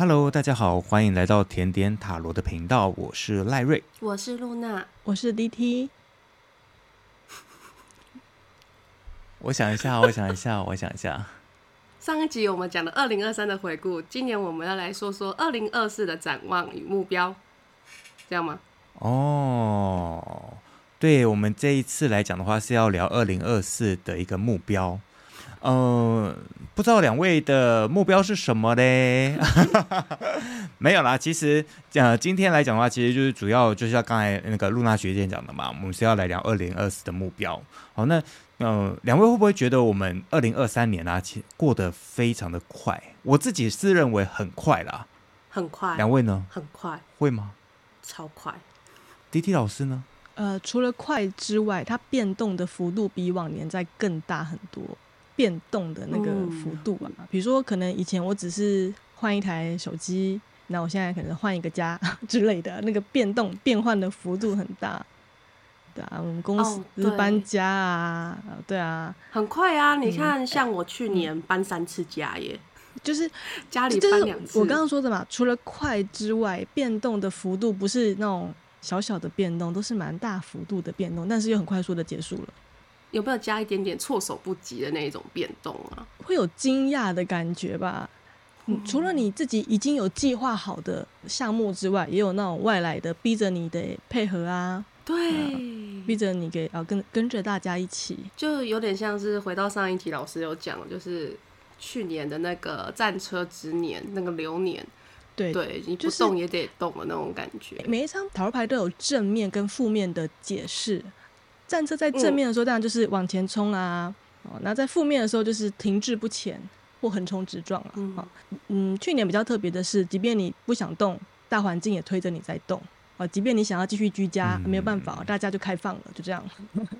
Hello，大家好，歡迎來到甜點塔羅的頻道，我是賴瑞，我是露娜，我是 DT。 我想一下，我想一下，我想一下。上一集我們講的二零二三的回顧，今年我們要來說說二零二四的展望與目標，這樣嗎？哦，對，我們這一次來講的話，是要聊二零二四的一個目標。呃，不知道兩位的目標是什麼嘞？ 沒有啦，其實，呃，今天來講的話，其實就是主要就是像剛才那個露娜學姐講的嘛，我們是要來聊二零二四的目標。好，那嗯兩、呃、位會不會覺得我們二零二三年、啊、其實過得非常的快？我自己自認為很快啦，很快。兩位呢？很快。會嗎？超快。D.T 老師呢？呃，除了快之外，它變動的幅度比往年再更大很多。變動的那個幅度吧，啊嗯，比如說，可能以前我只是換一台手機，那我現在可能換一個家之類的，那個變動變換的幅度很大。對啊，我們公司都搬家啊，哦對，對啊，很快啊！你看，嗯，像我去年搬三次家耶，就是 家裡搬兩次。就是，我剛剛說的嘛，除了快之外，變動的幅度不是那種小小的變動，都是蠻大幅度的變動，但是又很快速的結束了。有沒有加一點點措手不及的那一種變動啊？會有驚訝的感覺吧、嗯？除了你自己已經有計劃好的項目之外，也有那種外來的逼着你得配合啊？對，嗯、逼着你給啊跟跟着大家一起，就有點像是回到上一集老師有講，就是去年的那個戰車之年那個流年，對對、就是，你不動也得動的那種感覺。每一張塔羅牌都有正面跟負面的解釋。戰車在正面的時候，當然就是往前衝啊、嗯！哦，那在負面的時候就是停滯不前或橫衝直撞了、啊嗯。嗯，去年比較特別的是，即便你不想動，大環境也推着你在動啊、哦。即便你想要繼續居家，沒有辦法，大家就開放了，就這樣。嗯、呵呵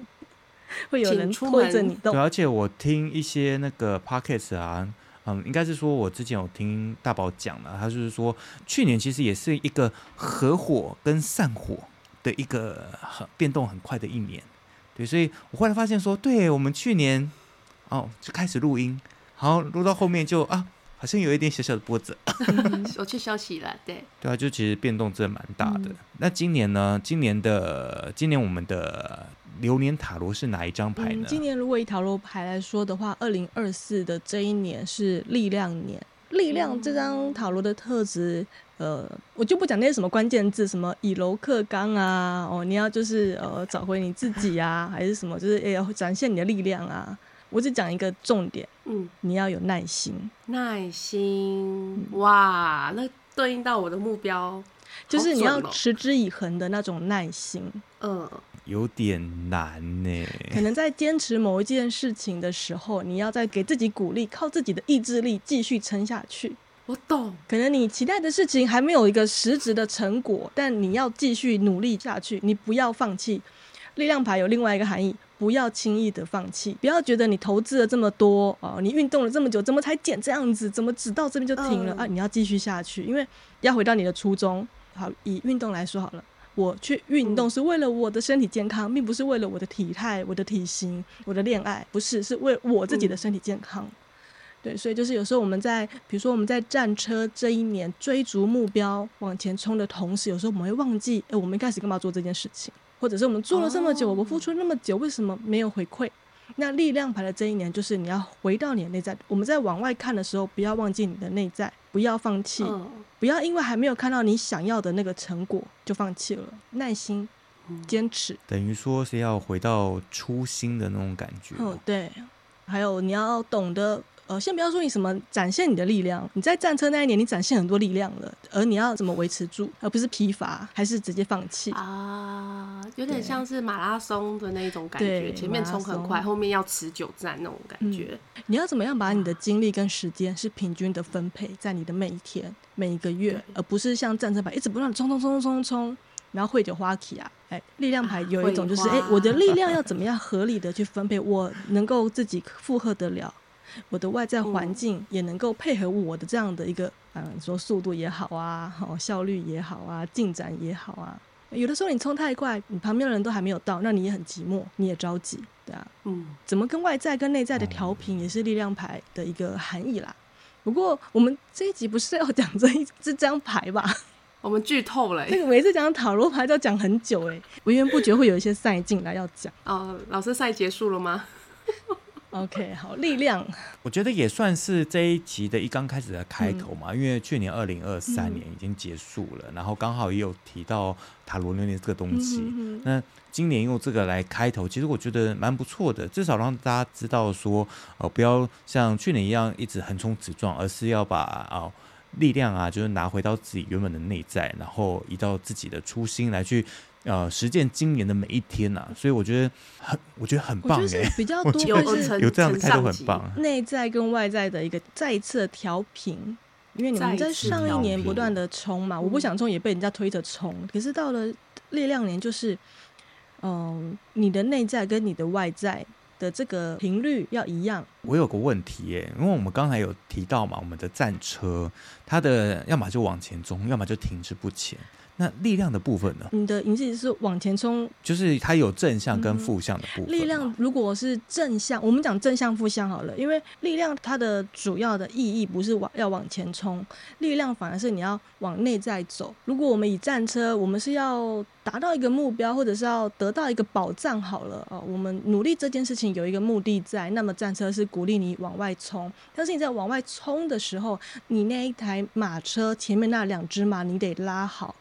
會有人拖着你動。對，而且我聽一些那個 podcast 啊，嗯，應該是說，我之前有聽大寶講啦，他就是說，去年其實也是一個合夥跟散夥的一個變動很快的一年。對，所以我後來發現說，對我們去年哦就開始錄音，好錄到後面就啊，好像有一點小小的波折、嗯，我去休息了。對，對啊，就其實變動真的蠻大的、嗯。那今年呢？今年的今年我們的流年塔羅是哪一張牌呢、嗯？今年如果以塔羅牌來說的話，二零二四的這一年是力量年。力量這張塔羅的特質、嗯，呃，我就不講那些什麼關鍵字，什麼以柔克剛啊，哦，你要就是呃，找回你自己啊，還是什麼，就是也要、欸呃、展現你的力量啊。我只講一個重點，嗯，你要有耐心，耐心，哇，那對應到我的目標，就是你要持之以恆的那種耐心，嗯、好準哦。呃有點難呢、欸，可能在堅持某一件事情的時候，你要再給自己鼓勵，靠自己的意志力繼續撐下去。我懂，可能你期待的事情還沒有一個實質的成果，但你要繼續努力下去，你不要放棄。力量牌有另外一個含義，不要輕易的放棄，不要覺得你投資了這麼多啊、哦，你運動了這麼久，怎麼才減這樣子？怎麼只到這邊就停了、呃、啊？你要繼續下去，因為要回到你的初衷。好，以運動來說好了。我去運動是為了我的身體健康，嗯、並不是為了我的體態、我的體型、我的戀愛，不是，是為我自己的身體健康。嗯、對，所以就是有時候我們在，比如說我們在戰車這一年追逐目標往前衝的同時，有時候我們會忘記，誒、欸，我們一開始幹嘛做這件事情？或者是我們做了這麼久，哦、我們付出那麼久，為什麼沒有回饋？那力量牌的這一年，就是你要回到你的內在。我們在往外看的時候，不要忘記你的內在，不要放棄，不要因為還沒有看到你想要的那個成果就放棄了，耐心堅持。嗯，等於說是要回到初心的那種感覺。嗯，哦，對。還有你要懂得。呃，先不要說你什麼展現你的力量，你在戰車那一年，你展現很多力量了。而你要怎麼維持住，而不是疲乏，還是直接放棄？啊，有點像是馬拉松的那一種感覺，前面衝很快，後面要持久戰那種感覺、嗯。你要怎麼樣把你的精力跟時間是平均的分配在你的每一天、每一個月，而不是像戰車牌一直不斷衝衝衝衝衝衝，然後會就花起啊。哎、欸，力量牌有一種就是，哎、啊欸，我的力量要怎麼樣合理的去分配， 我能夠自己負荷得了。我的外在環境也能夠配合我的這樣的一個，嗯，嗯，說速度也好啊，好、哦、效率也好啊，進展也好啊、欸。有的時候你衝太快，你旁邊的人都還沒有到，那你也很寂寞，你也着急，對啊，嗯。怎麼跟外在跟內在的調頻也是力量牌的一個含義啦。不過我們這一集不是要講這一這張牌吧？我們劇透了、欸。那、這個每次講塔羅牌都要講很久哎、欸，源源不絕會有一些賽進來要講。 哦，老師賽結束了嗎？ OK，好，力量。我覺得也算是這一期的一剛開始的開頭嘛，嗯、因為去年二零二三年已經結束了，嗯、然後剛好也有提到塔羅那那這個東西、嗯哼哼。那今年用這個來開頭，其實我覺得蠻不錯的，至少讓大家知道說，呃，不要像去年一樣一直橫衝直撞，而是要把、呃、力量啊，就是拿回到自己原本的內在，然後移到自己的初心來去。呃，實踐今年的每一天吶、啊，所以我覺得很，我覺得很棒哎、欸，是比較多的。有這樣的態度很棒，內在跟外在的一個再一次的調頻，因為你們在上一年不斷的衝嘛，我不想衝也被人家推着衝、嗯，可是到了力量年就是，嗯、呃，你的內在跟你的外在的這個頻率要一樣。我有個問題哎、欸，因為我們剛才有提到嘛，我們的戰車，它的要麼就往前衝，要麼就停滯不前。那力量的部分呢？你的印象是往前衝，就是它有正向跟負向的部分、嗯。力量如果是正向，我們講正向負向好了，因為力量它的主要的意義不是往要往前衝，力量反而是你要往內在走。如果我們以戰車，我們是要達到一個目標，或者是要得到一個保障好了哦，我們努力這件事情有一個目的在，那麼戰車是鼓勵你往外衝，但是你在往外衝的時候，你那一台馬車前面那兩隻馬你得拉好。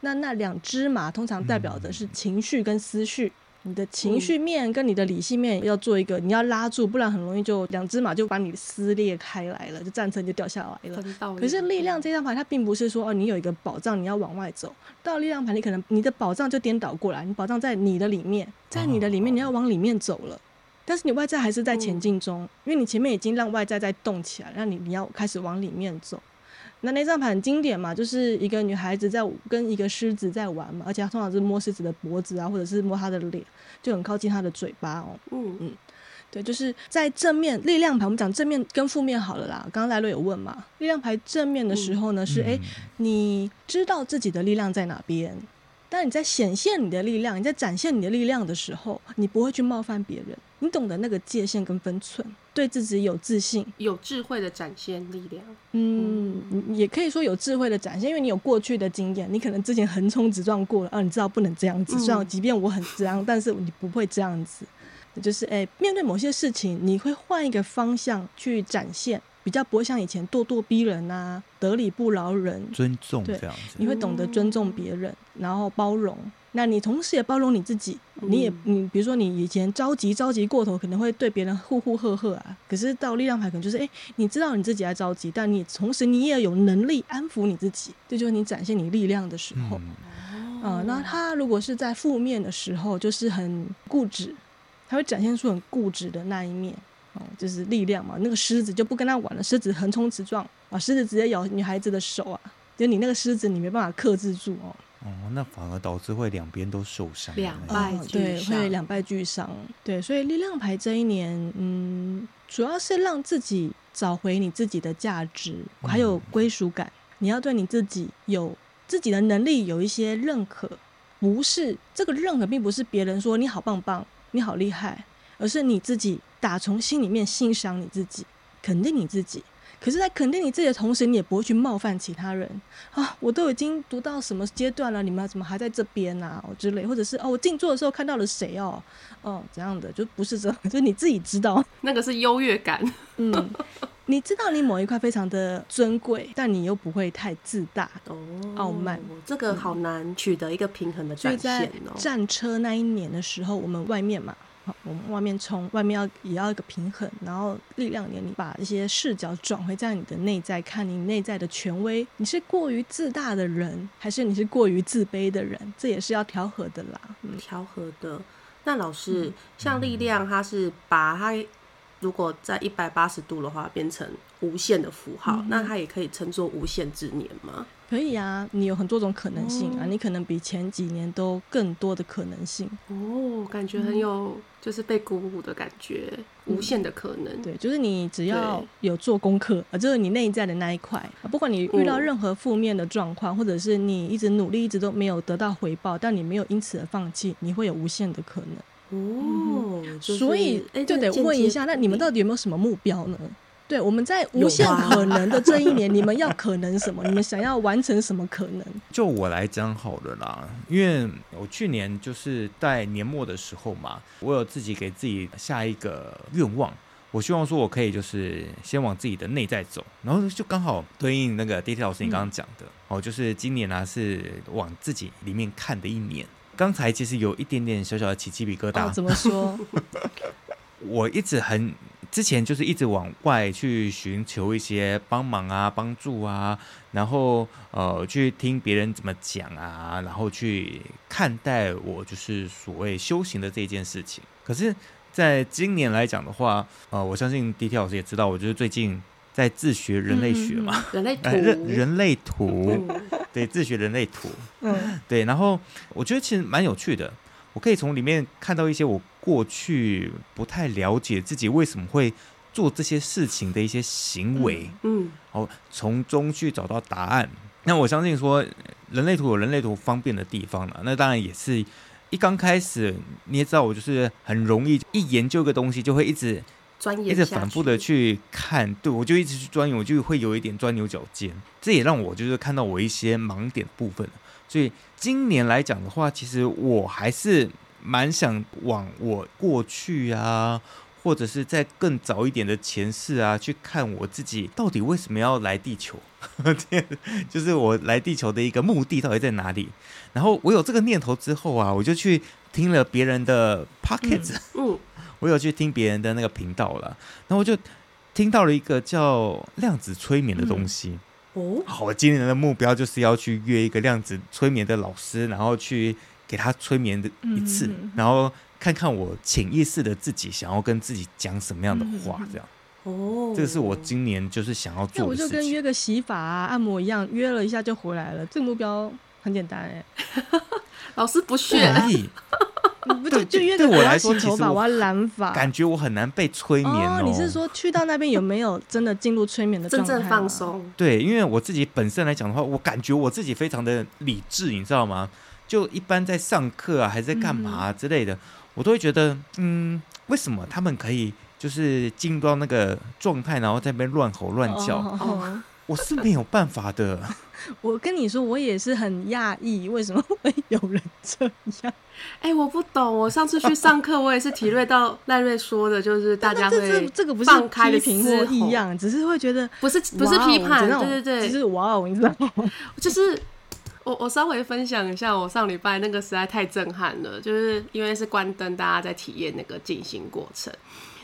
那那兩隻馬通常代表的是情緒跟思緒、嗯，你的情緒面跟你的理性面要做一個，嗯、你要拉住，不然很容易就兩隻馬就把你撕裂開來了，就戰車就掉下來了。可是力量這張牌它並不是說哦，你有一個寶藏你要往外走到力量牌，你可能你的寶藏就顛倒過來，你寶藏在你的裡面，在你的裡面你要往裡面走了，哦、但是你外在還是在前進中、嗯，因為你前面已經讓外在在動起來，讓你你要開始往裡面走。那那張牌很經典嘛，就是一個女孩子在跟一個獅子在玩嘛，而且她通常是摸獅子的脖子啊，或者是摸它的臉，就很靠近它的嘴巴哦。嗯嗯，對，就是在正面力量牌，我們講正面跟負面好了啦。剛剛賴瑞有問嘛，力量牌正面的時候呢，嗯、是哎、欸，你知道自己的力量在哪邊？當你在顯現你的力量，你在展現你的力量的時候，你不會去冒犯別人，你懂得那個界限跟分寸，對自己有自信，有智慧的展現力量。嗯，嗯你也可以說有智慧的展現，因為你有過去的經驗，你可能之前橫衝直撞過了，啊。你知道不能這樣子撞。即便我很這樣、嗯，但是你不會這樣子，就是哎、欸，面對某些事情，你會換一個方向去展現。比較不會像以前咄咄逼人啊，得理不饒人，尊重這樣子，你會懂得尊重別人，然後包容、嗯。那你同時也包容你自己，你也你比如說你以前着急着急過頭，可能會對別人呼呼喝喝啊。可是到力量牌可能就是哎、欸，你知道你自己在着急，但你同時你也有能力安撫你自己，這就，就是你展現你力量的時候。嗯，呃、那他如果是在負面的時候，就是很固執，他會展現出很固執的那一面。哦，就是力量嘛。那個獅子就不跟他玩了，獅子橫衝直撞啊，獅子直接咬女孩子的手啊。就你那個獅子，你沒辦法克制住哦。哦，那反而導致會兩邊都受傷，兩敗俱傷、哦、對，會兩敗俱傷。對，所以力量牌這一年，嗯，主要是讓自己找回你自己的價值，還有歸屬感、嗯。你要對你自己有自己的能力有一些認可，不是這個認可，並不是別人說你好棒棒，你好厲害，而是你自己。打從心裡面欣賞你自己，肯定你自己。可是，在肯定你自己的同時，你也不會去冒犯其他人啊！我都已經讀到什麼階段了，你們怎麼還在這邊啊？之類，或者是哦，我靜坐的時候看到了誰哦，嗯、哦，怎樣的，就不是這樣。就你自己知道。那個是優越感，嗯，你知道你某一塊非常的尊貴，但你又不會太自大哦，傲慢、哦。這個好難取得一個平衡的。就、嗯、所以在戰車那一年的時候，我們外面嘛。好，我們外面從外面要也要一個平衡，然後力量點，你把一些視角轉回在你的內在，看你內在的權威，你是過於自大的人，還是你是過於自卑的人？這也是要調和的啦。嗯、調和的。那老師，嗯、像力量，它是把它如果在一百八十度的話，變成無限的符號、嗯，那它也可以稱作無限之年嗎？可以啊，你有很多種可能性，哦，啊，你可能比前幾年都更多的可能性。哦，感覺很有，嗯、就是被鼓舞的感覺，嗯，無限的可能。對，就是你只要有做功課啊，就是你內在的那一塊啊，不管你遇到任何負面的狀況，嗯，或者是你一直努力一直都沒有得到回報，但你沒有因此而放棄，你會有無限的可能。哦，嗯嗯，所以就得問一下，欸，那你們到底有沒有什麼目標呢？對，我們在無限可能的這一年，你們要可能什麼？ 你們想要完成什麼可能？就我來講，好了啦，因為我去年就是在年末的時候嘛，我有自己給自己下一個願望，我希望說我可以就是先往自己的內在走，然後就剛好對應那個 DT 老師你剛剛講的、嗯、哦，就是今年呢、啊、是往自己裡面看的一年。剛才其實有一點點小小的起雞皮疙瘩、哦，怎麼說？ 我一直很。之前就是一直往外去尋求一些幫忙啊、幫助啊，然後呃去聽別人怎麼講啊，然後去看待我就是所謂修行的這件事情。可是，在今年來講的話，呃，我相信 D.T 老師也知道，我就是最近在自學人類學嘛，嗯、人類圖、哎，人人類圖、嗯，對，自學人類圖，嗯，對，然後我覺得其實蠻有趣的，我可以從裡面看到一些我。過去不太了解自己為什麼會做這些事情的一些行為，嗯，嗯好，從中去找到答案。那我相信說，人類圖有人類圖方便的地方了。那當然也是一剛開始你也知道，我就是很容易一研究一個東西就會一直一直反覆的去看。對，我就一直去鑽研，我就會有一點鑽牛角尖。這也讓我就是看到我一些盲點部分。所以今年來講的話，其實我還是。蠻想往我過去啊，或者是在更早一點的前世啊，去看我自己到底為什麼要來地球， 就是我來地球的一個目的到底在哪裡？然後我有這個念頭之後啊，我就去聽了別人的 podcast，、嗯嗯、我有去聽別人的那個頻道了，然後我就聽到了一個叫量子催眠的東西。嗯、哦好，我今年的目標就是要去約一個量子催眠的老師，然後去。給他催眠的一次、嗯嗯，然後看看我潛意識的自己想要跟自己講什麼樣的話、嗯，這樣。哦，這個是我今年就是想要做的事情。我就跟約個洗髮、啊、按摩一樣，約了一下就回來了。這個目標很簡單哎、欸，老師不屑。不就就約對我來說，頭髮、我要染髮，感覺我很難被催眠、喔、哦。你是說去到那邊有沒有真的進入催眠的狀態放鬆？對，因為我自己本身來講的話，我感覺我自己非常的理智，你知道嗎？就一般在上課啊，還是在幹嘛、啊、之類的、嗯，我都會覺得，嗯，為什麼他們可以就是進入到那個狀態，然後在那邊亂吼亂叫哦哦？哦，我是沒有辦法的。 我跟你說，我也是很訝異，為什麼會有人這樣？哎、欸，我不懂。我上次去上課，我也是體會到賴瑞說的，就是大家會這個不是放開的平和一樣，只是會覺得、哦、不是不是批判，哦、對對對，只是哇哦，你知道嗎？ 就是。我我稍微分享一下，我上禮拜那個實在太震撼了，就是因為是關燈，大家在體驗那個進行過程，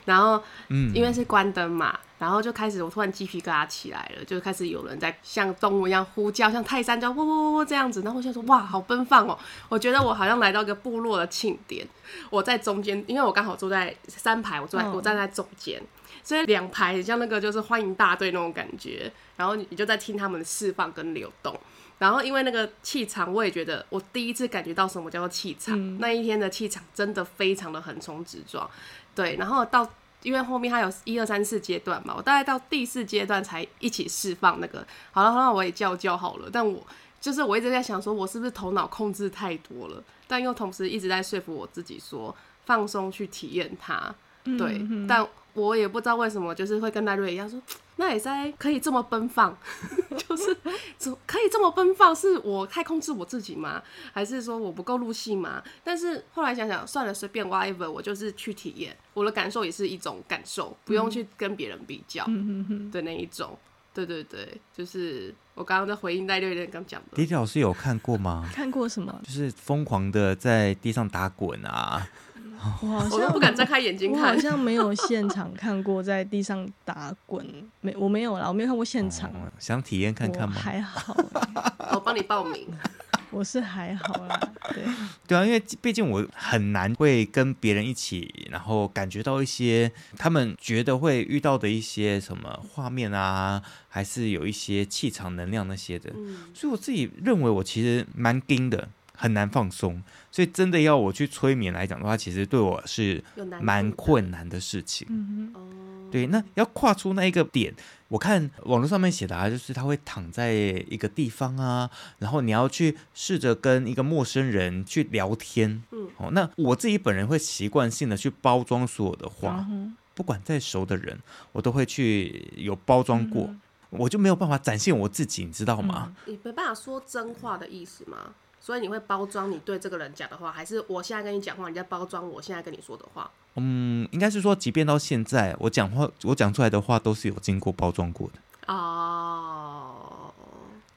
然後嗯，因為是關燈嘛、嗯，然後就開始我突然雞皮疙瘩起來了，就開始有人在像動物一樣呼叫，像泰山叫嗚嗚嗚喔這樣子，然後我就說哇，好奔放哦、喔，我覺得我好像來到一個部落的慶典，我在中間，因為我剛好坐在三排，我坐在、哦、我站在中間，所以兩排像那個就是歡迎大隊那種感覺，然後你就在聽他們的釋放跟流動。然後因為那個氣場，我也覺得我第一次感覺到什麼叫做氣場、嗯。那一天的氣場真的非常的橫衝直撞，對。然後到因為後面還有一二三四階段嘛，我大概到第四階段才一起釋放那個。好了，好了，我也叫叫好了。但我就是我一直在想說，我是不是頭腦控制太多了？但又同時一直在說服我自己說放鬆去體驗它。對、嗯，但我也不知道為什麼，就是會跟賴瑞一樣說那也在可以這麼奔放。 就是可以這麼奔放，是我太控制我自己嗎？還是說我不夠入戲嗎？但是後來想想，算了，隨便挖一本，我就是去體驗，我的感受也是一種感受，嗯、不用去跟別人比較的那一種。嗯、哼哼對對對，就是我剛剛在回應戴六六剛講的。DT 老師有看過嗎？ 看過什麼？就是瘋狂的在地上打滾啊！我好像我我不敢睜開眼睛看， 我好像沒有現場看過在地上打滾。沒，我沒有啦，我沒有看過現場。哦、想體驗看，看看嗎？還好。欸，我幫你報名。 我是還好啦，對。對啊，因為畢竟我很難會跟別人一起，然後感覺到一些他們覺得會遇到的一些什麼畫面啊，還是有一些氣場能量那些的，嗯。所以我自己認為我其實蠻硬的，很難放鬆。所以真的要我去催眠來講的話，其實對我是蠻困難的事情。嗯、對，那要跨出那一個點，我看網絡上面寫的、啊，就是他會躺在一個地方啊，然後你要去試着跟一個陌生人去聊天。嗯，哦，那我自己本人會習慣性的去包裝所有的話，嗯、不管再熟的人，我都會去有包裝過、嗯，我就沒有辦法展現我自己，你知道嗎？嗯、你沒辦法說真話的意思嗎？所以你會包裝你對這個人講的話，還是我現在跟你講話，你在包裝我現在跟你說的話？嗯，應該是說，即便到現在，我講話，我講出來的話都是有經過包裝過的。哦，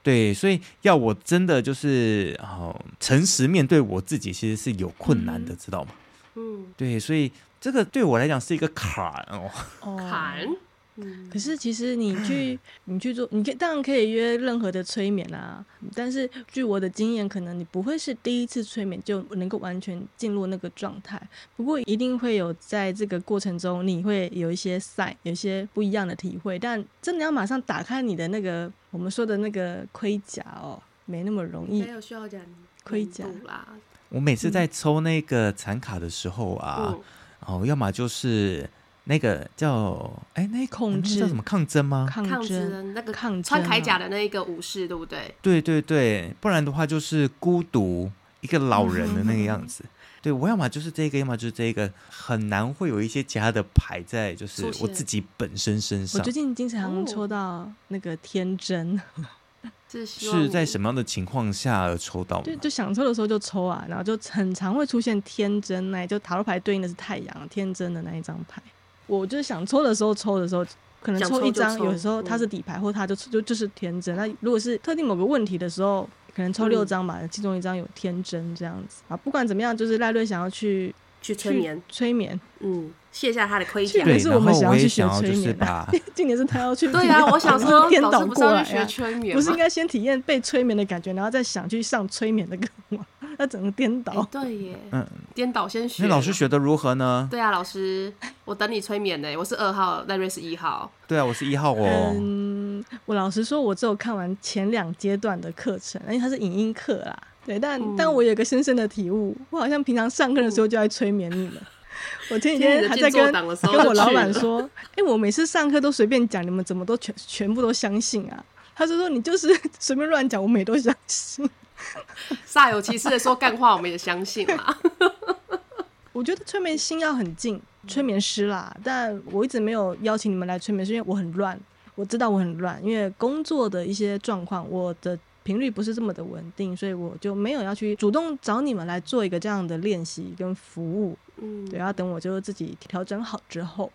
對，所以要我真的就是哦、呃，誠實面對我自己，其實是有困難的、嗯，知道嗎？嗯，對，所以這個對我來講是一個坎哦。坎、哦。坎嗯、可是其實你去你去做，你可以當然可以約任何的催眠啊。但是據我的經驗，可能你不會是第一次催眠就能夠完全進入那個狀態。不過一定會有在這個過程中，你會有一些塞，有些不一樣的體會。但真的要馬上打開你的那個我們說的那個盔甲哦、喔，沒那麼容易。還有需要講盔甲啦。我每次在抽那個殘卡的時候啊，嗯、哦，要麼就是。那個叫哎、欸，那控、個、制、那個、叫什麼？抗爭嗎？抗爭，抗爭，抗爭那個抗穿鎧甲的那一個武士、啊，對不對？對對對，不然的話就是孤獨一個老人的那個樣子。嗯、哼哼對，我要麼就是這個，要麼就是這個，很難會有一些其他的牌在，就是我自己本身身上。我最近經常抽到那個天真，哦、 是在什麼樣的情況下抽到？對，就想抽的時候就抽啊，然後就很常會出現天真哎，就塔羅牌對應的是太陽，天真的那一張牌。我就是想抽的時候抽的時候，可能抽一張，有時候他是底牌，嗯、或他就就就是天真。那如果是特定某個問題的時候，可能抽六張嘛、嗯，其中一張有天真這樣子啊。不管怎麼樣，就是賴瑞想要去去催眠，催眠，催眠，嗯，卸下他的盔甲。還是我們想要去學催眠、啊， 今年是他要去。對啊，我想說顛倒過來、啊、不上去學催眠，不是應該先體驗被催眠的感覺，然後再想去上催眠的課嗎？那整個顛倒、欸，對耶，嗯，顛倒先學。那老師學的如何呢？對啊，老師，我等你催眠呢、欸。我是二號，賴瑞是一號。對啊，我是一號哦。嗯，我老實說，我只有看完前兩階段的課程，因為它是影音課啦。對，但、嗯、但我有一個深深的體悟，我好像平常上課的時候就愛催眠你們。嗯、我前幾天還在跟，我，跟我老闆說，哎、 欸，我每次上課都隨便講，你們怎麼都全全部都相信啊？他是說你就是隨便亂講，我每都相信。 煞有其事的說幹話，我們也相信嘛 。我覺得催眠心要很靜，催眠師啦。但我一直沒有邀請你們來催眠，是因為我很亂，我知道我很亂，因為工作的一些狀況，我的頻率不是這麼的穩定，所以我就沒有要去主動找你們來做一個這樣的練習跟服務。嗯，對，然後等我就自己調整好之後。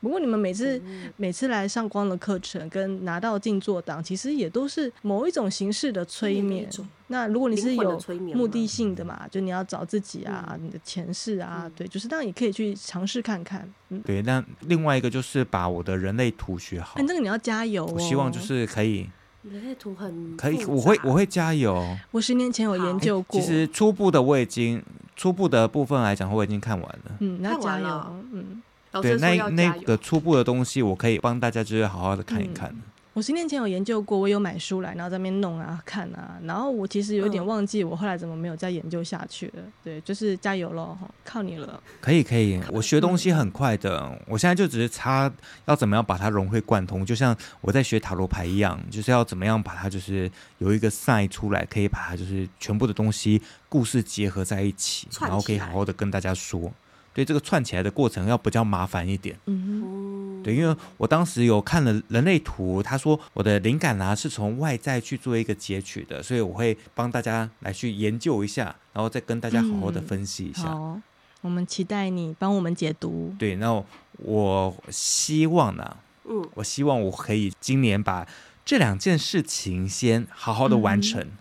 不過你們每次、嗯、每次來上光的課程，跟拿到靜坐檔，其實也都是某一種形式的催眠。嗯、催眠，那如果你是有目的性的嘛，嗯、就你要找自己啊，嗯、你的前世啊，嗯、對，就是當然你可以去嘗試看看、嗯。對，那另外一個就是把我的人類圖學好。反、欸、正、那個，你要加油、哦。我希望就是可以。人類圖很可以，我會我會加油。我十年前有研究過，欸、其實初步的我已經初步的部分來講，我已經看完了。嗯，那加油，哦、嗯。對，那那個初步的東西，我可以幫大家就是好好的看一看。嗯、我十年前有研究過，我有買書來，然後在那邊弄啊看啊，然後我其實有點忘記，我後來怎麼沒有再研究下去了、嗯。對，就是加油嘍，靠你了。可以可以，我學東西很快的，我現在就只是差要怎麼樣把它融會貫通，就像我在學塔羅牌一樣，就是要怎麼樣把它就是有一個賽出來，可以把它就是全部的東西故事結合在一起，起，然後可以好好的跟大家說。對，這個串起來的過程要比較麻煩一點，嗯，對，因為我當時有看了人類圖，他說我的靈感啊是從外在去做一個截取的，所以我會幫大家來去研究一下，然後再跟大家好好的分析一下。嗯，好，我們期待你幫我們解讀。對，那我希望呢，嗯，我希望我可以今年把這兩件事情先好好的完成。嗯，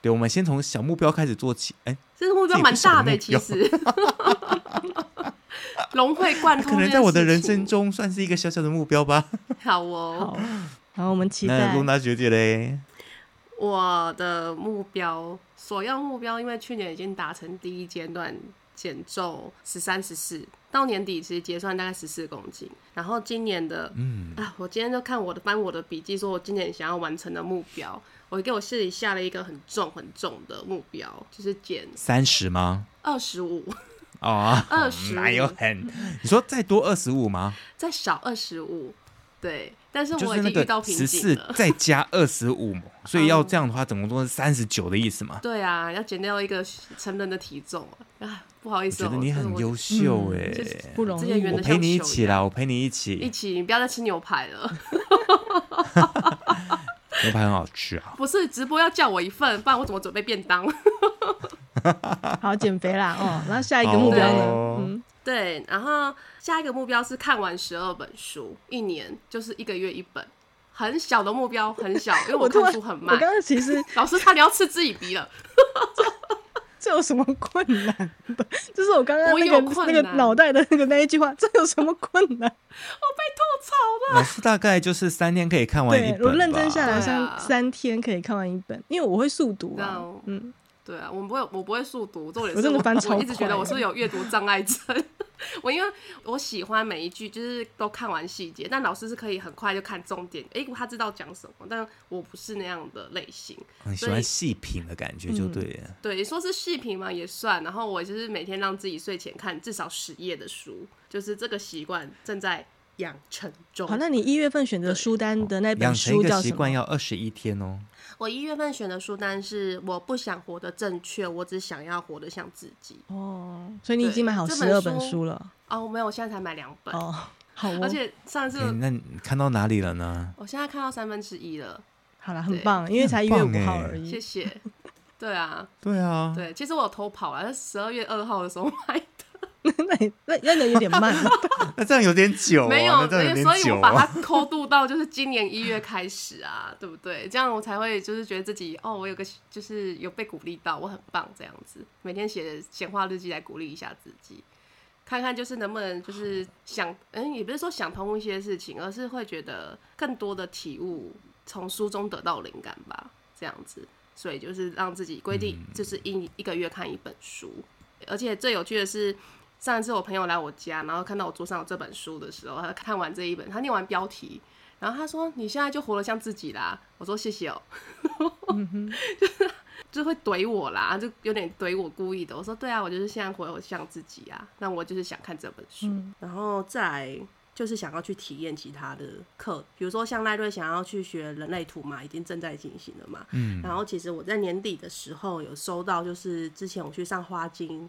對，我們先從小目標開始做起，誒。這個目標蠻大的、欸，其實。融會貫通，可能在我的人生中算是一個小小的目標吧、啊。小小標吧啊、小小標吧好哦，好，那我們期待露娜學姐嘞。我的目標，所要目標，因為去年已經達成第一階段減重十三十四。到年底其實結算大概十四公斤，然後今年的，嗯，啊，我今天就看我的翻我的筆記，說我今年想要完成的目標，我給我自己下了一個很重很重的目標，就是減三十嗎？二十五。哦、 oh,，二十哪有很？你說再多二十五嗎？再少二十五。對，但是我已經遇到瓶頸了。就是、14再加二十五，所以要這樣的話，總共是三十九的意思嘛？ 對啊，要減掉一個成人的體重啊！不好意思、喔，哦我覺得你很優秀哎、嗯，不容易。我陪你一起啦，我陪你一起， 一起你不要再吃牛排了。 牛排很好吃啊！ 不是直播要叫我一份，不然我怎麼準備便當？ 好，減肥啦！哦，那下一個目標呢？嗯。對，然後下一個目標是看完十二本書，一年就是一個月一本，很小的目標，很小，因為我看書很慢我。我剛剛其實，老師，他要嗤之以鼻了 這，這有什麼困難？就是我剛剛那個那個腦袋的那個那一句話，這有什麼困難？我被吐槽了。老師大概就是三天可以看完一本，我認真下來三、啊、三天可以看完一本，因為我會速讀、啊。這嗯，對啊，我不會，我不會速讀，重點是我真的，我一直覺得我是有閱讀障礙症。 我因為我喜歡每一句，就是都看完細節，但老師是可以很快就看重點，哎、欸，他知道講什麼，但我不是那樣的類型，所以啊、你喜歡細品的感覺就對了。嗯、對，說是細品嘛也算。然後我就是每天讓自己睡前看至少十頁的書，就是這個習慣正在養成中。好、啊，那你一月份選擇書單的那本書叫什麼？養成一個習慣要二十一天哦。我一月份選的書單是我不想活得正確，我只想要活得像自己。哦，所以你已經買好十二本書了？哦，沒有，我現在才買兩本。哦，好哦。而且上次、欸、那你看到哪裡了呢？我現在看到三分之一了。好了，很棒，因為才一月五號而已、欸。謝謝。對啊，對啊，對，其實我有偷跑啊，是十二月二號的時候買。 那那那有點慢。 那有點、啊有，那這樣有點久、啊，沒有，這樣有點久，所以我把它偷渡到就是今年一月開始啊， 對不對？這樣我才會就是覺得自己哦，我有個就是有被鼓勵到，我很棒這樣子。每天寫顯化日記來鼓勵一下自己，看看就是能不能就是想，嗯，也不是說想通一些事情，而是會覺得更多的體悟，從書中得到靈感吧。這樣子，所以就是讓自己規定就是一、嗯、一個月看一本書，而且最有趣的是。上一次我朋友來我家，然後看到我桌上有這本書的時候，他看完這一本，他念完標題，然後他說：“你現在就活得像自己啦。”我說：“謝謝哦、喔。 就”就是就會懟我啦，就有點懟我故意的。我說：“對啊，我就是現在活得像自己啊。”那我就是想看這本書，嗯、然後再來就是想要去體驗其他的課，比如說像賴瑞想要去學人類圖嘛，已經正在進行了嘛。嗯。然後其實我在年底的時候有收到，就是之前我去上花精。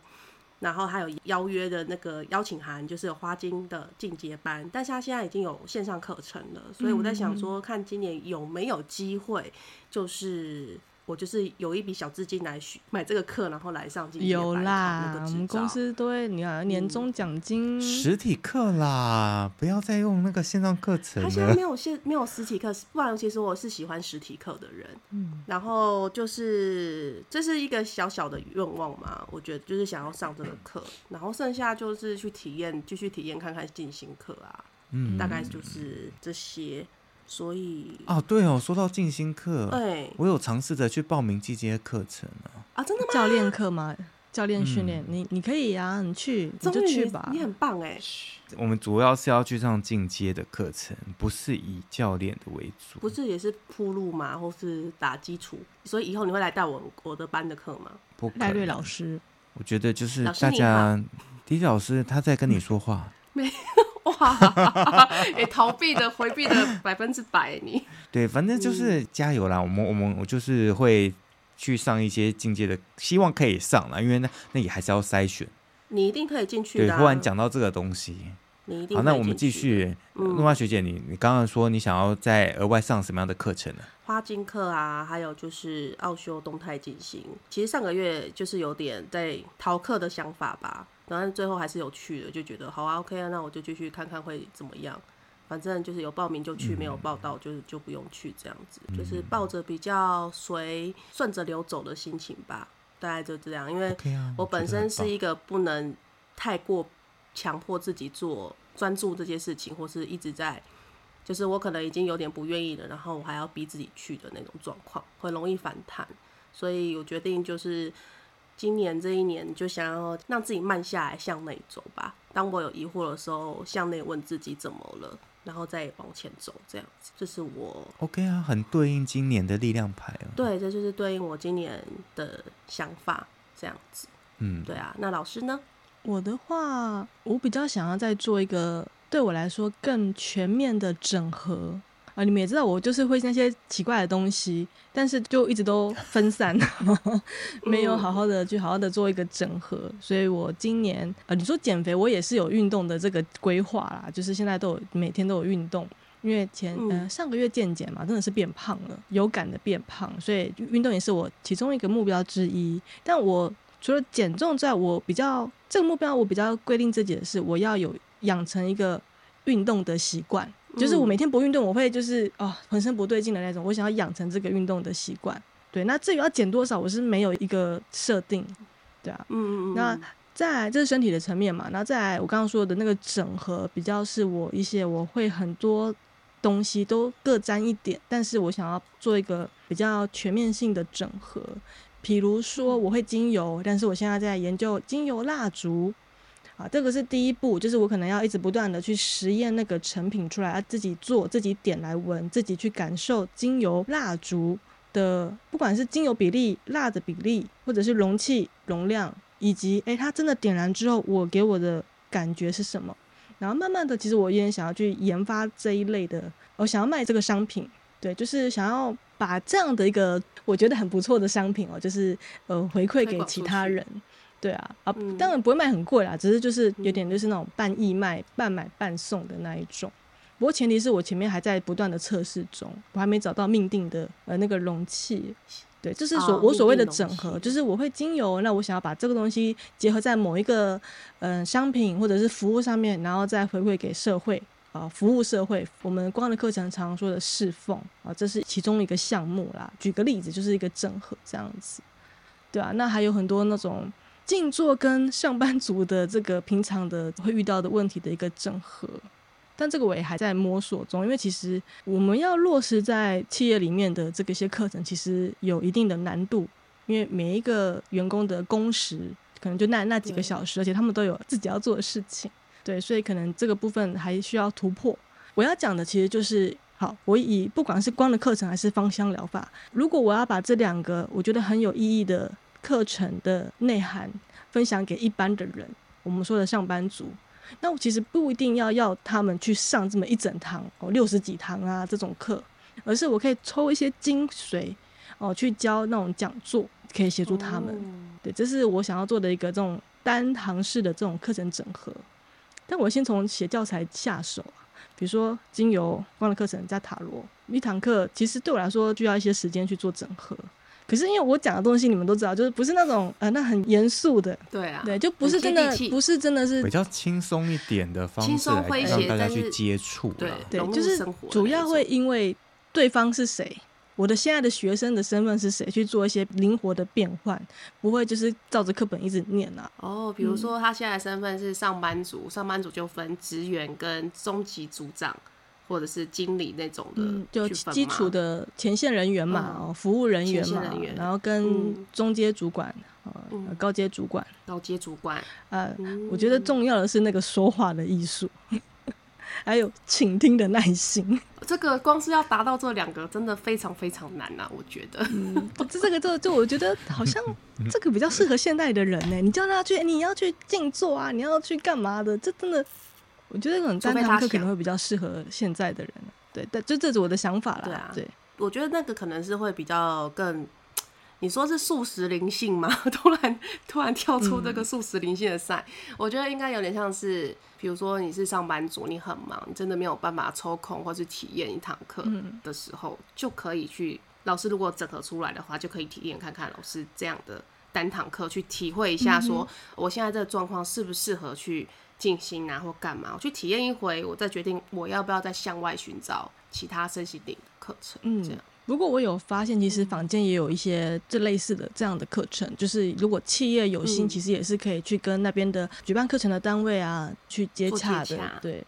然後還有邀約的那個邀請函，就是有花精的進階班，但是他現在已經有線上課程了，所以我在想說，看今年有沒有機會，就是。我就是有一筆小資金來買這個課，然後來上進行白考那個執照。我們公司都會，你看年終獎金。實體課啦，不要再用那個線上課程了。他現在沒有線，沒有實體課。不然，其實我是喜歡實體課的人。嗯。然後就是這是一個小小的願望嘛，我覺得就是想要上這個課，然後剩下就是去體驗，繼續體驗看看進行課啊。嗯。大概就是這些。所以啊，對哦，說到靜心課，對、欸，我有嘗試着去報名進階課程啊。啊，真的嗎？教練課嗎？教練訓練，你你可以啊，你去，你就去吧，你很棒哎，、欸。我們主要是要去上進階的課程，不是以教練的為主，不是也是鋪路嘛，或是打基礎，所以以後你會來帶我我的班的課嗎？不，賴瑞老師，我覺得就是大家，迪老、老師他在跟你說話，沒有。哇哈哈！你、欸、逃避的、回避的百分之百你，你對，反正就是加油啦！嗯、我們、我們、我就是會去上一些進階的，希望可以上啦，因為那那也還是要篩選。你一定可以進去的、啊，對。不然講到這個東西，你一定。好，那我們繼續。露、嗯、娜學姐，你你剛剛說你想要再額外上什麼樣的課程呢、啊？花精課啊，還有就是奧修動態進行。其實上個月就是有點在逃課的想法吧。然後最後還是有去的，就覺得好啊，OK 啊，那我就繼續看看會怎麼樣。反正就是有報名就去，沒有報到、嗯、就就不用去這樣子，嗯、就是抱着比較隨順着流走的心情吧。大概就這樣，因為我本身是一個不能太過強迫自己做專注這些事情，或是一直在，就是我可能已經有點不願意了，然後我還要逼自己去的那種狀況，會容易反彈。所以我決定就是。今年這一年，就想要讓自己慢下來，向內走吧。當我有疑惑的時候，向內問自己怎麼了，然後再往前走，這樣子這是我。OK 啊，很對應今年的力量牌哦、啊。對，這就是對應我今年的想法，這樣子。嗯，對啊。那老師呢？我的話，我比較想要再做一個對我來說更全面的整合。啊，你們也知道我就是會那些奇怪的東西，但是就一直都分散， 沒有好好的去好好的做一個整合。所以我今年啊，你說減肥，我也是有運動的這個規劃啦，就是現在都有每天都有運動，因為前嗯、呃，上個月健檢嘛，真的是變胖了，有感的變胖，所以運動也是我其中一個目標之一。但我除了減重之外，我比較這個目標，我比較規定自己的是，我要有養成一個運動的習慣。就是我每天不運動，我會就是哦渾身不對勁的那種。我想要養成這個運動的習慣。對，那至於要減多少，我是沒有一個設定，對啊。嗯嗯，嗯。那在這是身體的層面嘛？那在我剛剛說的那個整合，比較是我一些我會很多東西都各沾一點，但是我想要做一個比較全面性的整合。比如說我會精油，但是我現在在研究精油蠟燭。啊，這個是第一步，就是我可能要一直不斷的去實驗那個成品出來，啊、自己做自己點來聞，自己去感受精油蠟燭的，不管是精油比例、蠟的比例，或者是容器容量，以及誒、欸，它真的點燃之後，我給我的感覺是什麼？然後慢慢的，其實我也想要去研發這一類的，我、哦、想要賣這個商品，對，就是想要把這樣的一個我覺得很不錯的商品哦，就是呃回饋給其他人。對啊，啊、嗯，當然不會賣很貴啦，只是就是有點就是那種半義賣、嗯、半買、半送的那一種。不過前提是我前面還在不斷的測試中，我還沒找到命定的呃那個容器。對，這、就是所、哦、我所謂的整合，就是我會經由那我想要把這個東西結合在某一個嗯、呃、商品或者是服務上面，然後再回饋給社會啊，服務社會。我們光的課程常常說的侍奉啊，這是其中一個項目啦。舉個例子，就是一個整合這樣子，對啊，那還有很多那種。靜坐跟上班族的這個平常的會遇到的問題的一個整合，但這個我也還在摸索中，因為其實我們要落實在企業裡面的這個些課程，其實有一定的難度，因為每一個員工的工時可能就那那幾個小時，而且他們都有自己要做的事情，對，所以可能這個部分還需要突破。我要講的其實就是，好，我以不管是光的課程還是芳香療法，如果我要把這兩個我覺得很有意義的。課程的內涵分享給一般的人，我們說的上班族，那我其實不一定要要他們去上這麼一整堂哦，六十幾堂啊這種課，而是我可以抽一些精髓哦去教那種講座，可以協助他們，哦。對，這是我想要做的一個這種單堂式的這種課程整合。但我先從寫教材下手啊，比如說精油、光的課程加塔羅一堂課，其實對我來說就要一些時間去做整合。可是因為我講的東西你們都知道，就是不是那種呃那很嚴肅的，對啊，對，就不是真的，不是真的，是比較輕鬆一點的方式，來讓大家去接觸，對對，就是主要會因為對方是誰，我的現在的學生的身份是誰去做一些靈活的變換，不會就是照着課本一直念啊。哦，比如說他現在的身份是上班族，上班族就分職員跟中級組長。或者是經理那種的、嗯，就基礎的前線人員嘛，嗯哦、服務人員嘛，員然後跟中階主管、嗯哦、高階主管、呃，高階主管、高階主管。呃，我覺得重要的是那個說話的藝術，還有傾聽的耐心。這個光是要達到這兩個，真的非常非常難吶、啊，我覺得。這、嗯、 這個這，就我覺得好像這個比較適合現代的人呢、欸。你叫他去，你要去靜坐啊，你要去幹嘛的？這真的。我覺得這種單堂課可能會比較適合現在的人，對，但就這是我的想法啦對、啊。對，我覺得那個可能是會比較更，你說是素食靈性嗎？突然突然跳出這個素食靈性的賽、嗯，我覺得應該有點像是，比如說你是上班族，你很忙，你真的沒有辦法抽空或是體驗一堂課的時候、嗯，就可以去老師如果整合出來的話，就可以體驗看看老師這樣的單堂課，去體會一下說，說、嗯、我現在這個狀況適不適合去。靜心啊，或幹嘛？我去體驗一回，我再決定我要不要再向外尋找其他身心靈的課程。嗯，這樣。如果我有發現，其實坊間也有一些這類似的這樣的課程，就是如果企業有心，其實也是可以去跟那邊的舉辦課程的單位啊、嗯、去接洽的。對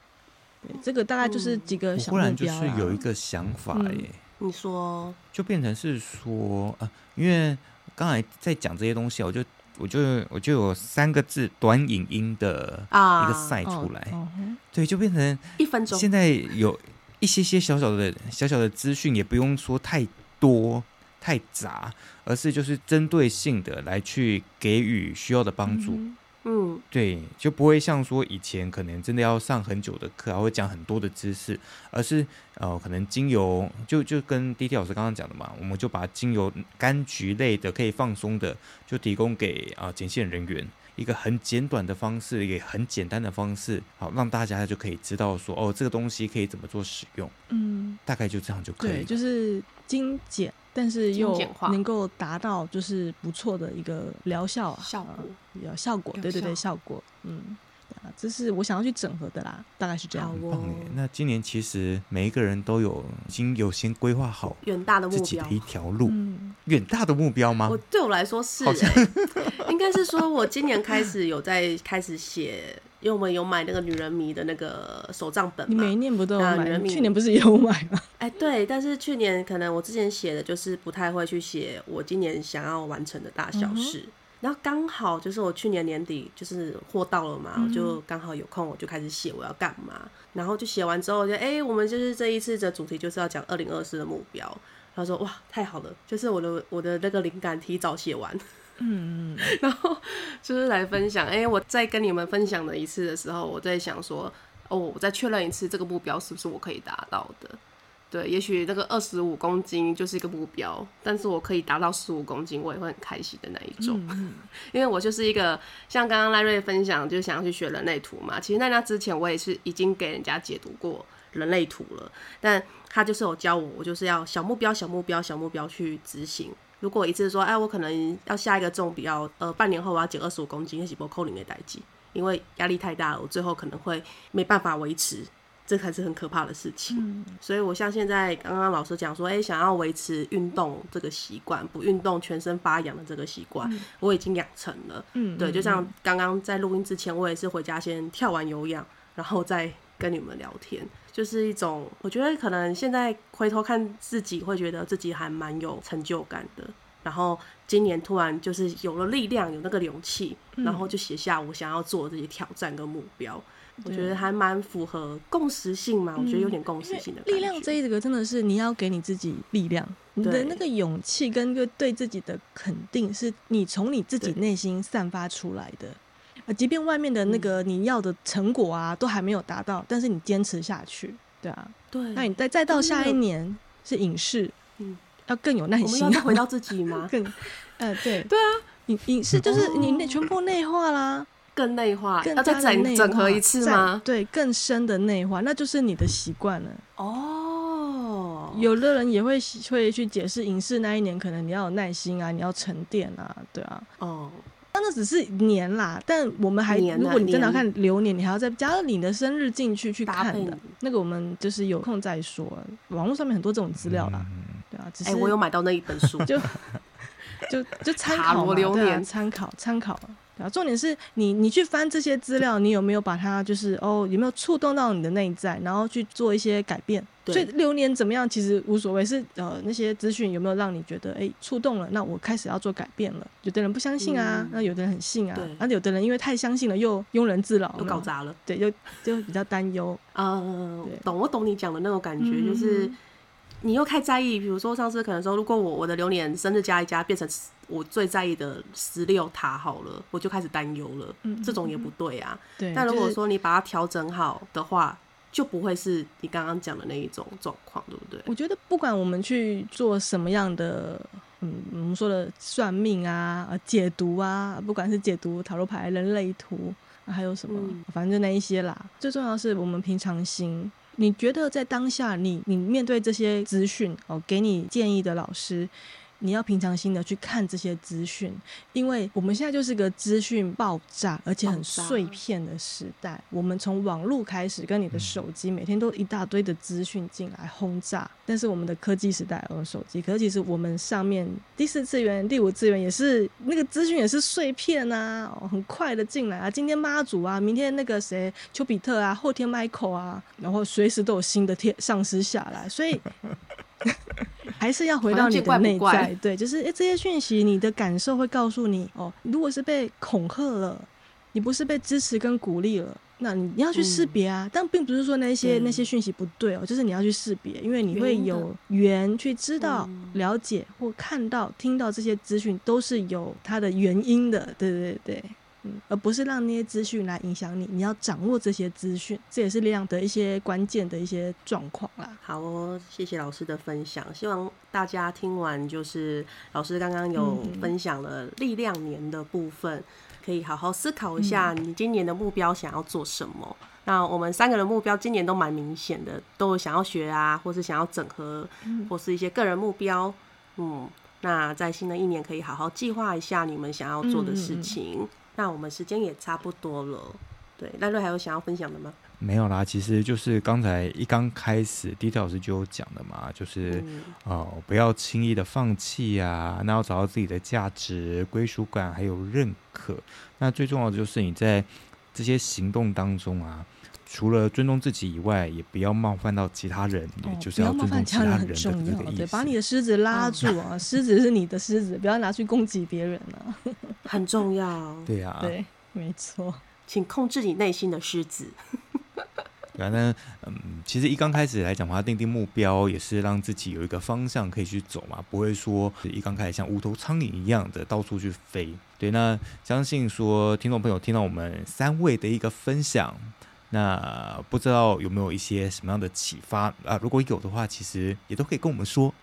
對，這個大概就是幾個小目標、啊、不，不然就是有一個想法耶、欸嗯。你說。就變成是說，呃、因為剛才在講這些東西，我就。我就我就有三個字短影音的一個賽出來，啊哦哦、對，就變成一分鐘。現在有一些些小小的小小的資訊，也不用說太多太雜，而是就是針對性的來去給予需要的幫助。嗯嗯，對，就不會像說以前可能真的要上很久的課，還會講很多的知識，而是呃，可能精油就就跟 D.T 老師剛剛講的嘛，我們就把精油柑橘類的可以放鬆的，就提供給啊前線人員。一個很簡短的方式，也很簡單的方式，好讓大家就可以知道說，哦，這個東西可以怎麼做使用，嗯，大概就這樣就可以了，就是精簡，但是又能夠達到就是不錯的一個療效，啊，效果，效果，對對對，效果，嗯。就是我想要去整合的啦，大概是這樣。很棒耶！那今年其實每一個人都有，已經有先規劃好遠大的目標一條路，遠、嗯、大的目標嗎？我對我來說是、欸， 應該是說，我今年開始有在開始寫， 因為我們有買那個女人迷的那個手賬本嘛，你每一年不都有買女人迷？去年不是也有買嗎？哎、欸，對。但是去年可能我之前寫的，就是不太會去寫我今年想要完成的大小事。嗯然後剛好就是我去年年底就是貨到了嘛、嗯，我就剛好有空，我就開始寫我要幹嘛。然後就寫完之後我就，就、欸、哎，我們就是這一次的主題就是要講二零二四的目標。他說哇，太好了，就是我的我的那個靈感提早寫完，嗯嗯。然後就是來分享，哎、欸，我再跟你們分享的一次的時候，我在想說，哦，我再確認一次這個目標是不是我可以達到的。對，也許那個二十五公斤就是一個目標，但是我可以達到十五公斤，我也會很開心的那一種。嗯嗯。因為我就是一個像剛剛賴瑞分享，就想要去學人類圖嘛。其實在那之前我也是已經給人家解讀過人類圖了，但他就是有教我，我就是要小目標、小目標、小目標去執行。如果一次說，哎、呃，我可能要下一個重比較，呃，半年後我要減二十五公斤，那是我扣零的代金？因為壓力太大了，我最後可能會沒辦法維持。這才是很可怕的事情，嗯、所以，我像現在剛剛老師講說，誒，想要維持運動這個習慣，不運動全身發癢的這個習慣，嗯、我已經養成了。嗯，嗯，嗯，對，就像剛剛在錄音之前，我也是回家先跳完有氧，然後再跟你們聊天，就是一種，我覺得可能現在回頭看自己，會覺得自己還蠻有成就感的。然後今年突然就是有了力量，有那個勇氣，然後就寫下我想要做的這些挑戰跟目標。嗯我覺得還蠻符合共時性嘛，嗯，我覺得有點共時性的力量，這一格真的是你要給你自己力量，你的那個勇氣跟個對自己的肯定，是你從你自己內心散發出來的。啊，即便外面的那個你要的成果啊，嗯、都還沒有達到，但是你堅持下去，對啊，對。那你再再到下一年是隱士，嗯，要更有耐心，我們要回到自己嗎？更，呃，對，對啊，隱隱士就是你內全部內化啦。嗯 更內化，要再整，更整合一次嗎？對，更深的內化，那就是你的習慣了哦。Oh, okay. 有的人也會會去解釋，影視那一年可能你要有耐心啊，你要沉澱啊，對啊。哦，那那只是年啦，但我們還年、啊、如果你真的要看流年，年你還要再加了你的生日進去去看的。那個我們就是有空再說，網絡上面很多這種資料啦、嗯，對啊。只是哎、欸，我有買到那一本書， 就就就參考流年，參考參考。重點是你，你去翻這些資料，你有沒有把它就是哦，有沒有觸動到你的內在，然後去做一些改變？對。所以流年怎麼樣，其實無所謂。是呃，那些資訊有沒有讓你覺得哎、欸、觸動了？那我開始要做改變了。有的人不相信啊，嗯、那有的人很信啊。那、啊、有的人因為太相信了，又庸人自擾，又搞砸了。對，就就比較擔憂。啊、 呃，懂我懂你講的那種感覺，嗯、就是你又太在意。比如說上次可能說，如果我我的流年生日加一加變成。我最在意的十六塔好了，我就開始擔憂了。嗯，嗯，這種也不對啊。對。但如果說你把它調整好的話，就，是、就不會是你剛剛講的那一種狀況，對不對？我覺得不管我們去做什麼樣的，嗯，我們說的算命啊、啊解讀啊，不管是解讀塔羅牌、人類圖，還有什麼，嗯、反正就那一些啦。最重要是我們平常心。你覺得在當下你，你你面對這些資訊，哦、喔，給你建議的老師。你要平常心的去看這些資訊，因為我們現在就是個資訊爆炸，而且很碎片的時代。我們從網路開始，跟你的手機、嗯、每天都一大堆的資訊進來轟炸。但是我們的科技時代的手機，可是其實我們上面第四次元、第五次元也是那個資訊也是碎片啊，哦、很快的進來啊。今天媽祖啊，明天那個誰丘比特啊，後天 Michael 啊，然後隨時都有新的貼上市下來，所以。 還是要回到你的內在怪怪，對，就是誒、欸，這些訊息，你的感受會告訴你，哦，如果是被恐嚇了，你不是被支持跟鼓勵了，那你要去識別啊、嗯。但並不是說那些、嗯、那些訊息不對哦，就是你要去識別，因為你會有緣去知道、了解或看到、聽到這些資訊，都是有它的原因的，對對對、對。嗯，而不是讓那些資訊來影響你，你要掌握這些資訊，這也是力量的一些關鍵的一些狀況啦。好哦，謝謝老師的分享，希望大家聽完就是老師剛剛有分享了力量年的部分嗯嗯，可以好好思考一下你今年的目標想要做什麼。嗯、那我們三個人目標今年都蠻明顯的，都有想要學啊，或是想要整合、嗯，或是一些個人目標。嗯，那在新的一年可以好好計劃一下你們想要做的事情。嗯嗯嗯那我們時間也差不多了，對，那瑞還有想要分享的嗎？沒有啦，其實就是剛才一剛開始迪 i 老師就講的嘛，就是、嗯、哦，不要輕易的放棄呀、啊，那要找到自己的價值、歸屬感還有認可，那最重要的就是你在這些行動當中啊。除了尊重自己以外，也不要冒犯到其他人，哦、就是要尊重其他人、哦、要很重要對，把你的獅子拉住啊，獅、嗯、子是你的獅子，不要拿去攻擊別人啊， 很重要。對啊，對，沒錯，請控制你內心的獅子。那、 啊、嗯，其實一剛開始來講的話，定定目標也是讓自己有一個方向可以去走嘛，不會說是一剛開始像無頭蒼蠅一樣的到處去飛。對，那相信說聽眾朋友聽到我們三位的一個分享。那不知道有沒有一些什麼樣的啟發啊？如果有的話，其實也都可以跟我們說，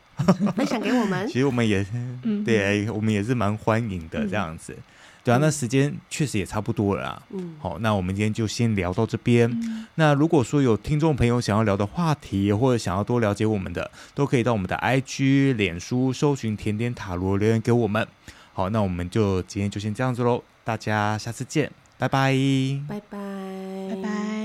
分享給我們。 其實我們也、嗯，對，我們也是蠻歡迎的這樣子。嗯、對啊，那時間確實也差不多了啦。嗯，好，那我們今天就先聊到這邊、嗯。那如果說有聽眾朋友想要聊的話題，或者想要多了解我們的，都可以到我們的 IG、臉書搜尋“甜點塔羅”留言給我們。好，那我們就今天就先這樣子嘍。大家下次見，拜拜，拜拜，拜拜。拜拜。